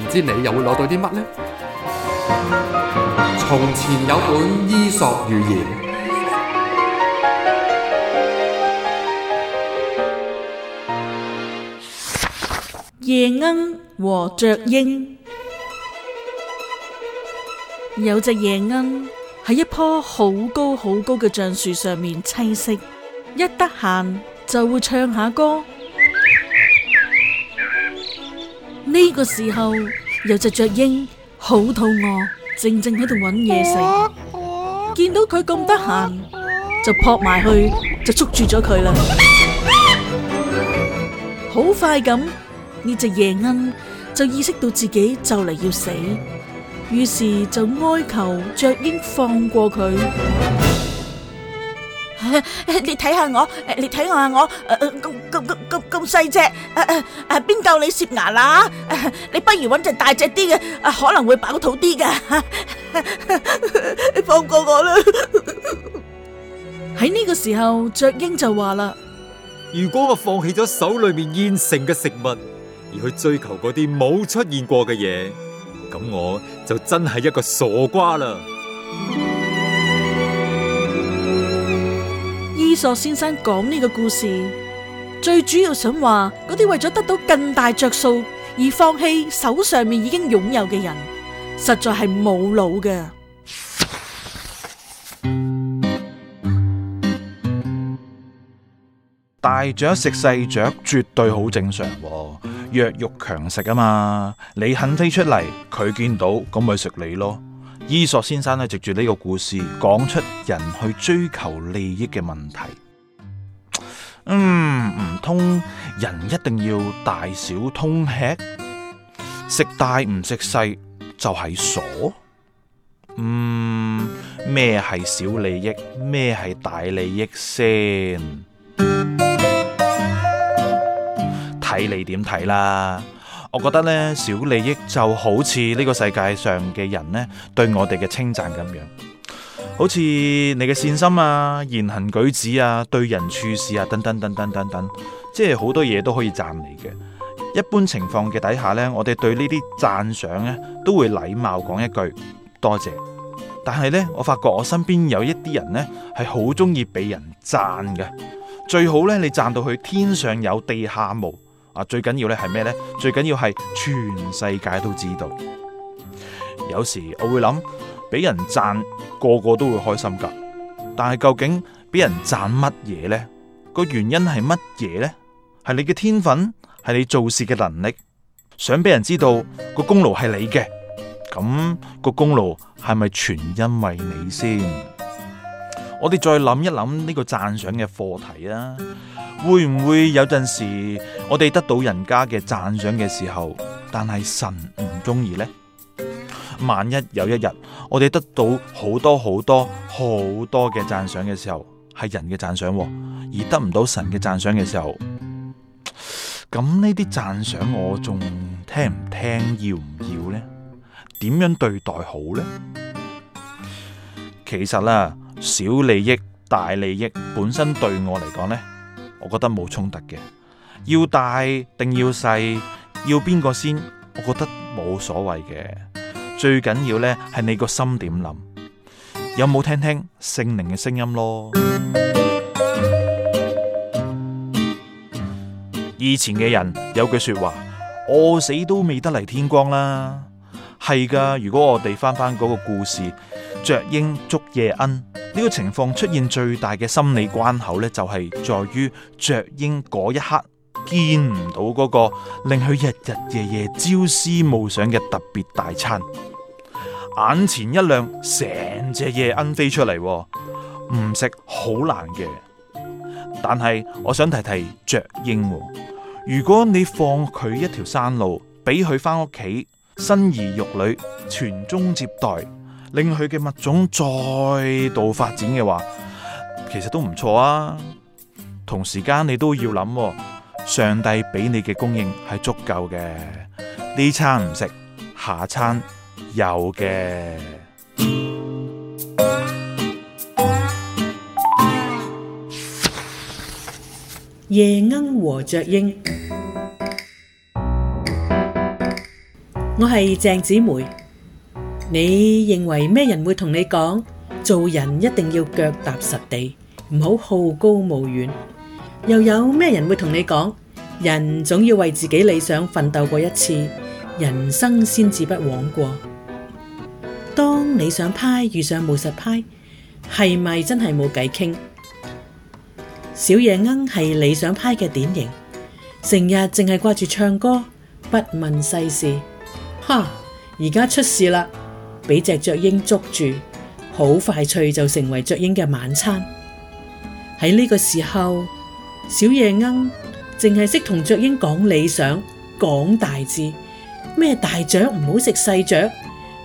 唔知你又會攞到啲乜呢？從前有本伊索寓言，夜鶯和雀鷹。有隻夜鶯喺一棵好高好高嘅橡樹上面棲息，一得閒就會唱下歌。呢個時候，有隻雀鷹好肚餓，靜靜喺度揾嘢食。見到佢咁得閒，就撲埋去就捉住咗佢啦。好快咁，呢隻夜鶯就意識到自己就嚟要死，於是就哀求雀鷹放過佢。你睇下我，誒，你睇下我，誒，咁咁咁咁咁細隻，誒誒誒，邊夠你攝牙啦？你不如揾隻大隻啲嘅，啊，可能會飽肚啲噶。你放過我啦！喺呢個時候，雀鷹就話啦：如果我放棄咗手裏面現成嘅食物，而去追求嗰啲冇出現過嘅嘢，咁我就真係一個傻瓜啦。伊索先生講呢個故事，最主要想話嗰啲為咗得到更大着數而放棄手上面已經擁有嘅人，實在係冇腦嘅。大雀食細雀絕對好正常，弱肉強食啊嘛！你肯飛出嚟，佢見到咁咪食你咯。伊索先生咧，藉住呢個故事講出人去追求利益嘅問題。嗯，唔通人一定要大小通吃，食大唔食細就係傻？嗯，咩係小利益，咩係大利益先？睇，嗯，你點睇啦。我覺得咧，小利益就好似呢個世界上嘅人呢，對我哋嘅稱讚咁樣，好似你嘅善心啊、言行舉止啊、對人處事啊等等等等等等，即係好多嘢都可以讚你嘅。一般情況嘅底下呢，我哋對呢啲讚賞呢，都會禮貌講一句多謝。但係呢，我發覺我身邊有一啲人呢係好中意俾人讚嘅，最好呢，你讚到佢天上有地下無。啊，最緊要咧係咩呢？最緊要係全世界都知道。有時我會諗，俾人讚個個都會開心噶，但係究竟俾人讚乜嘢呢？個原因係乜嘢呢？係你嘅天分，係你做事嘅能力，想俾人知道個功勞係你嘅，咁個功勞係咪全因為你先？我哋再諗一諗呢個讚賞嘅課題啦，會唔會有陣時我哋得到人家嘅讚賞嘅時候，但係神唔中意呢？萬一有一日我哋得到好多好多好多嘅讚賞嘅時候，係人嘅讚賞，而得唔到神嘅讚賞嘅時候，咁呢啲讚賞我仲聽唔聽，要唔要呢？點樣對待好呢？其實啦、啊。小利益、大利益本身對我嚟講呢，我覺得冇衝突嘅。要大定要細，要邊個先？我覺得冇所謂嘅。最緊要呢，係你個心點諗，有冇聽聽聖靈嘅聲音咯？音樂以前嘅人有句說話，餓死都未得嚟天光啦。係噶，如果我哋翻翻嗰個故事，雀鷹捉夜鶯。呢個情況出現最大嘅心理關口呢，就係在於雀鷹嗰一刻見唔到嗰個令佢日日夜夜朝思暮想嘅特別大餐，眼前一亮，成隻夜鶯飛出嚟，唔食好難嘅。但係我想提提雀鷹，如果你放佢一條生路，俾佢翻屋企，生兒育女，傳宗接代。令佢嘅物種再度發展嘅話，其實都唔錯啊！同時間你都要諗，上帝俾你嘅供應係足夠嘅，呢餐唔食，下餐有嘅。夜鶯和雀鷹，我係鄭子梅。你認為咩人會同你講做人一定要腳踏實地，唔好好高騖遠？又有咩人會同你講人總要為自己理想奮鬥過一次，人生先至不枉過？當理想派遇上務實派，係咪真係冇偈傾？小夜鶯係理想派嘅典型，成日淨係掛住唱歌，不問世事。哈！而家出事啦！俾隻雀鷹捉住，好快脆，就成為雀鷹嘅晚餐。喺呢個時候，小夜鶯淨係識同雀鷹講理想、講大志，咩大雀唔好食細雀。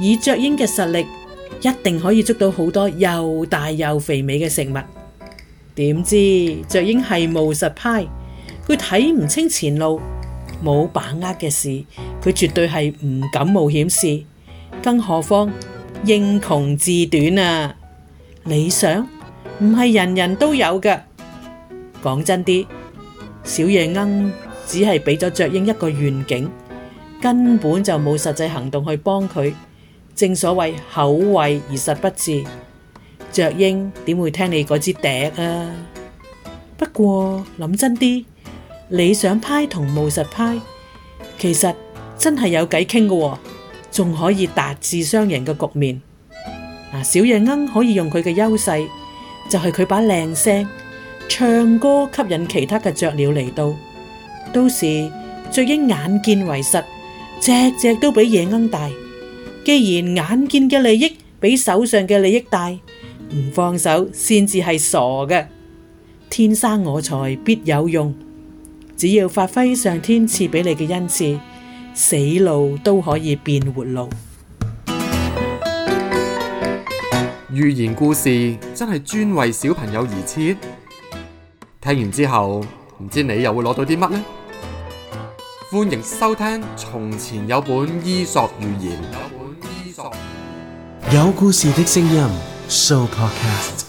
以雀鷹嘅實力，一定可以捉到好多又大又肥美嘅食物。點知雀鷹係務實派，佢睇唔清前路，冇把握嘅事，佢絕對係唔敢冒險試。更何況，英雄志短啊！理想唔係人人都有嘅。講真啲，小夜鶯只係畀咗雀鷹一個願景，根本就冇實際行動去幫佢。正所謂口惠而實不至，雀鷹點會聽你嗰支笛啊？不過諗真啲，理想派同務實派其實真係有偈傾嘅。仲可以達至雙贏嘅局面。嗱，小夜鶯可以用佢嘅優勢，就係佢把靚聲唱歌吸引其他嘅雀鳥嚟到。到時雀鷹眼見為實，只只都比夜鶯大。既然眼見嘅利益比手上嘅利益大，唔放手先至係傻嘅。天生我材必有用，只要發揮上天賜俾你嘅恩賜。死路都可以變活路，寓言故事真係專為小朋友而設。聽完之後，唔知你又會攞到啲乜呢？歡迎收聽《從前有本伊索寓言》，有本伊索，有故事的聲音 Sooo Podcast。